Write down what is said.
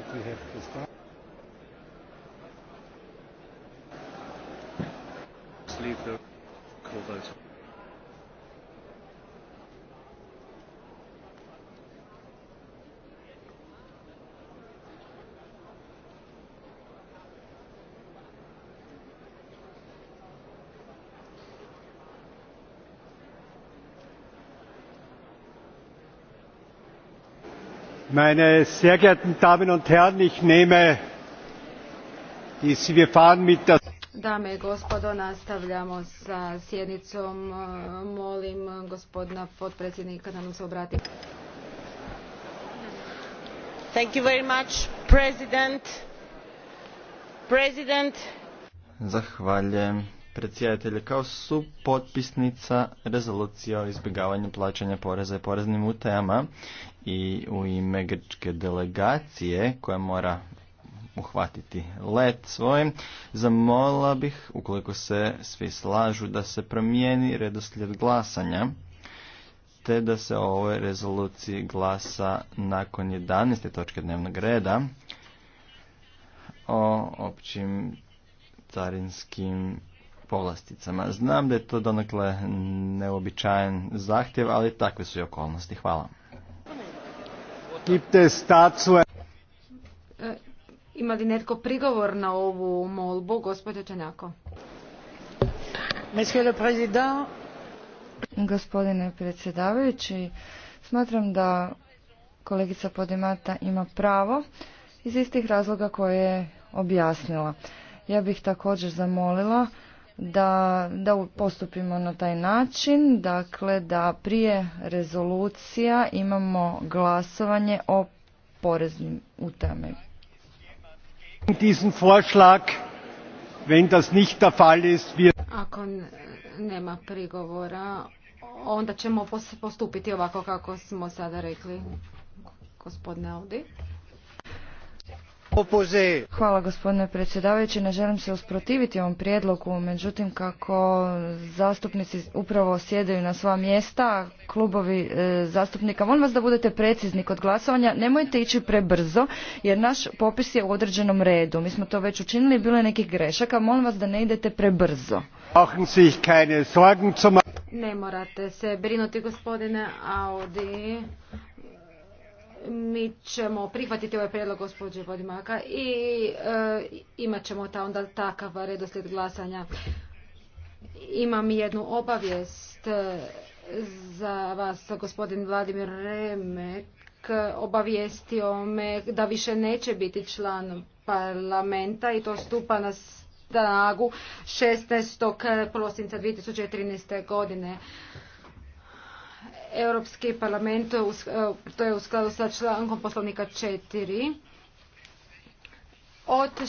think we have the meine sehr geehrten damen und herren ich nehme wir fahren mit der Dame i gospodo, nastavljamo sa sjednicom. Molim gospodina potpredsjednika da nam se obrati. Thank you very much, President. President. Zahvaljujem, predsjedatelja kao su potpisnica rezolucija o izbjegavanju plaćanja poreza i poreznim utajama i u ime grčke delegacije koja mora uhvatiti let svojim, zamola bih, ukoliko se svi slažu, da se promijeni redoslijed glasanja, te da se o ovoj rezoluciji glasa nakon 11. točke dnevnog reda o općim carinskim povlasticama. Znam da je to donekle neobičajen zahtjev, ali takve su i okolnosti. Hvala. E, ima li netko prigovor na ovu molbu, gospodin Čanjako? Gospodine predsjedavajući, smatram da kolegica Podemata ima pravo iz istih razloga koje je objasnila. Ja bih također zamolila da, da postupimo na taj način, dakle da prije rezolucija imamo glasovanje o poreznim utajama. Ako nema prigovora, onda ćemo postupiti ovako kako smo sada rekli, gospodine Audi. Hvala gospodine predsjedavajući. Ne želim se usprotiviti ovom prijedlogu, međutim kako zastupnici upravo sjedaju na svoja mjesta, klubovi e, zastupnika, molim vas da budete precizni kod glasovanja, nemojte ići prebrzo jer naš popis je u određenom redu. Mi smo to već učinili, bilo je nekih grešaka, molim vas da ne idete prebrzo. Ne morate se brinuti gospodine Audi mi ćemo prihvatiti ovaj prijedlog gospođe Vodimaka i e, imat ćemo ta, onda takav redoslijed glasanja. Imam jednu obavijest e, za vas, gospodin Vladimir Remek obavijestio me da više neće biti član parlamenta i to stupa na snagu 16. prosinca 2013. godine. Europski parlament, e, e, to je u skladu sa člankom poslovnika 4, od